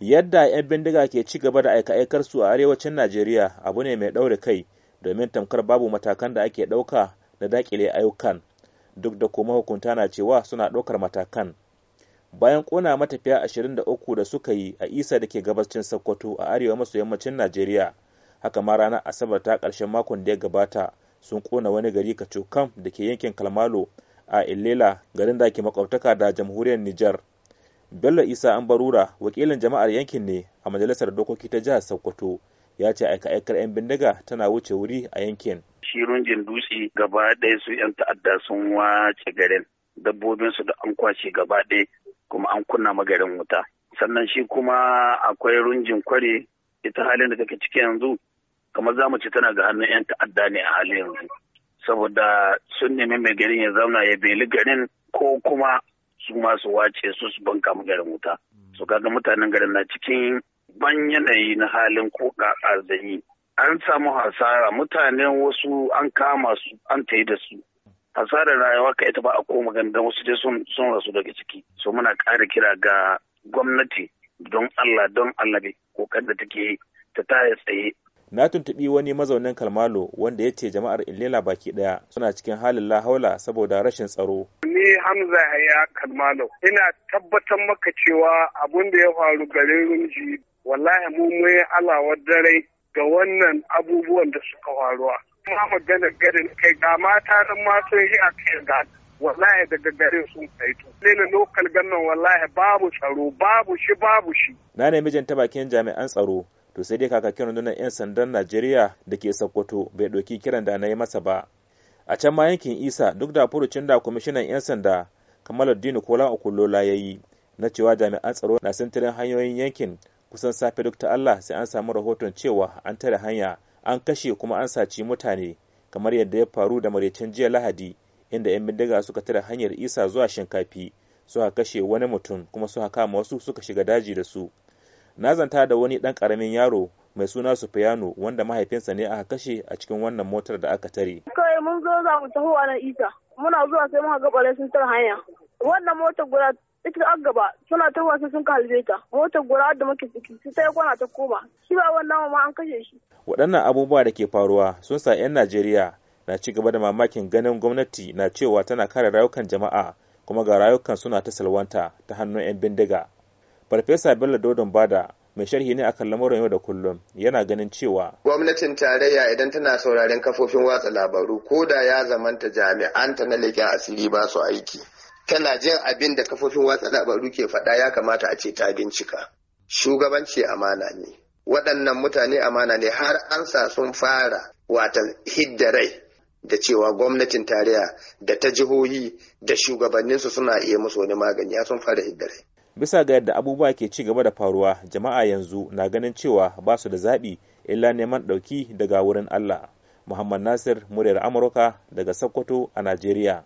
yadda 'yan bindiga ke ci gaba da aika-aikar su a arewacin najeriya abu ne mai ɗaure kai domin tamkar babu matakan da ake ɗauka da dakile ayyukan duk da kuma hukunta na cewa suna ɗaukar matakan bayan ƙona matafiya 23 da suka yi a isa da ke gabacin sokoto a arewa maso yammacin najeriya haka ma ranar asabar ta ƙarshen makon da ya gabata sun ƙona wani gari kacokam da ke yankin kalmalo a Ilela garin da ke makwabtaka da jamhuriyar nijar bello isa an barura wakilin jama'ar yankin ne a majalisar dokoki ta jihar sokoto ya ce aika-aikar 'yan bindiga tana wuce wuri a yankin shi dutse gaba ɗaya su 'yan ta'adda sun wace garin dabbobin su da an kwace gaba ɗaya kuma an kunna magarin wuta sannan shi kuma akwai runjin kware ita halin da kake ciki yanzu kamar za mu ci tana ga hannun 'yan ta'adda ne a halin yanzu saboda sun nemi mai garin ya zauna ya beli garin ko kuma su masu wace su su banka mu garin wuta su kaga mutanen garin na cikin ban yanayi na halin ko kaka zanyi an samu hasara mutanen wasu an kama su an tayi da su hasarar rayuwa ka ita ba a koma ganin wasu dai sun rasu daga ciki so muna ƙara kira ga gwamnati don Allah don Allah bai kokar da take ta taya tsaye na tuntuɓi wani mazaunin kalmalo wanda ya ce jama'ar illela baki ɗaya suna cikin halin lahaula saboda rashin tsaro ni Hamza ya Kalmalo. Ina tabbatar maka cewa abun da ya faru garin Rumji wallahi mu mun alawa dare ga wannan abubuwan da suka faruwa. Kuma magana garin kai ga mata nan ma yi a kai ga wallahi daga garin sun kai to. Lele lokal gannan wallahi babu tsaro babu shi babu shi. Na ne mijin tabakin jami'an tsaro to sai dai kakakin rundunar 'yan sandan Najeriya da ke Sokoto bai ɗauki kiran da na yi masa ba. a can ma yankin isa duk da furucin da kwamishinan 'yan sanda kamaluddin kola okulola ya yi na cewa jami'an tsaro na sintirin hanyoyin yankin kusan safe duk ta allah sai an samu rahoton cewa an tare hanya an kashe kuma an saci mutane kamar yadda ya faru da maraicin jiya lahadi inda 'yan bindiga suka tare hanyar isa zuwa shinkafi suka kashe wani mutum kuma suka kama wasu suka shiga daji da su na zanta da wani ɗan karamin yaro mai suna Sufiyanu wanda mahaifinsa ne aka kashe a cikin wannan motar da aka tare. Kai mun zo za mu taho na isa. Muna zuwa sai muka ga bare sun tara hanya. Wannan motar guda ita da gaba suna ta sai sun kalbe ta motar guda, da muke ciki su sai kwana ta koma shi ba wannan ma an kashe shi waɗannan abubuwa da ke faruwa sun sa 'yan Najeriya na ci gaba da mamakin ganin gwamnati na cewa tana kare rayukan jama'a kuma ga rayukan suna ta salwanta ta hannun 'yan bindiga farfesa bello dodon bada mai sharhi ne akan lamuran yau da kullum yana ganin cewa gwamnatin tarayya idan tana sauraren kafofin watsa labaru ko da ya zamanta jami'anta na leƙen asiri ba su aiki tana jin abin da kafofin watsa labaru ke faɗa ya kamata a ce ta bincika shugabanci amana ne waɗannan mutane amana ne har an sa sun fara wata hidda rai da cewa gwamnatin tarayya da ta jihohi da shugabanninsu suna iya musu wani magani ya sun fara hidda rai bisa ga yadda abubuwa ke ci gaba da faruwa jama'a yanzu na ganin cewa ba su da zaɓi illa neman ɗauki daga wurin allah muhammad nasir muryar amurka daga sokoto a najeriya